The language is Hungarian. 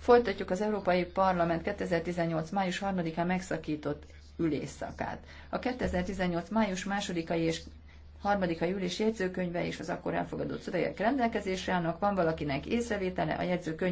Folytatjuk az Európai Parlament 2018. május 3-án megszakított ülésszakát. A 2018. május 2-ai és 3. ülés jegyzőkönyve és az akkor elfogadott szövegek rendelkezésre állnak. Van valakinek észrevétele a jegyzőkönyve